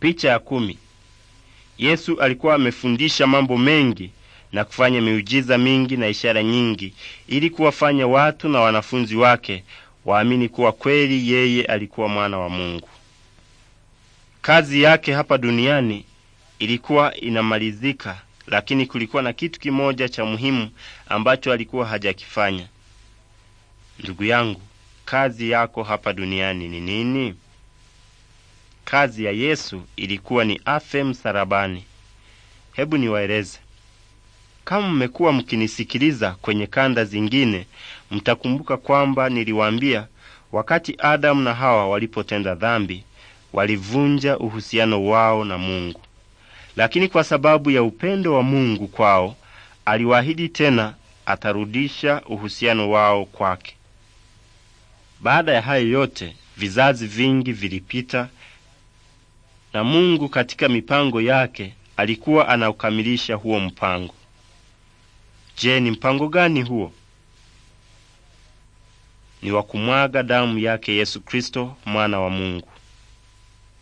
Picha ya kumi. Yesu alikuwa amefundisha mambo mengi na kufanya miujiza mingi na ishara nyingi ili kuwafanya watu na wanafunzi wake waamini kuwa kweli yeye alikuwa mwana wa Mungu. Kazi yake hapa duniani ilikuwa inamalizika, lakini kulikuwa na kitu kimoja cha muhimu ambacho alikuwa hajakifanya. Ndugu yangu, kazi yako hapa duniani ni nini? kazi ya Yesu ilikuwa ni afe msalabani. Hebu niwaeleze. Kama mmekuwa mkinisikiliza kwenye kanda zingine, mtakumbuka kwamba niliwaambia wakati Adamu na Hawa walipotenda dhambi, walivunja uhusiano wao na Mungu. Lakini kwa sababu ya upendo wa Mungu kwao, aliwaahidi tena atarudisha uhusiano wao kwake. Baada ya hayo yote, vizazi vingi vilipita na Mungu katika mipango yake alikuwa anaukamilisha huo mpango. Je, ni mpango gani huo? Ni wa kumwaga damu yake Yesu Kristo mwana wa Mungu.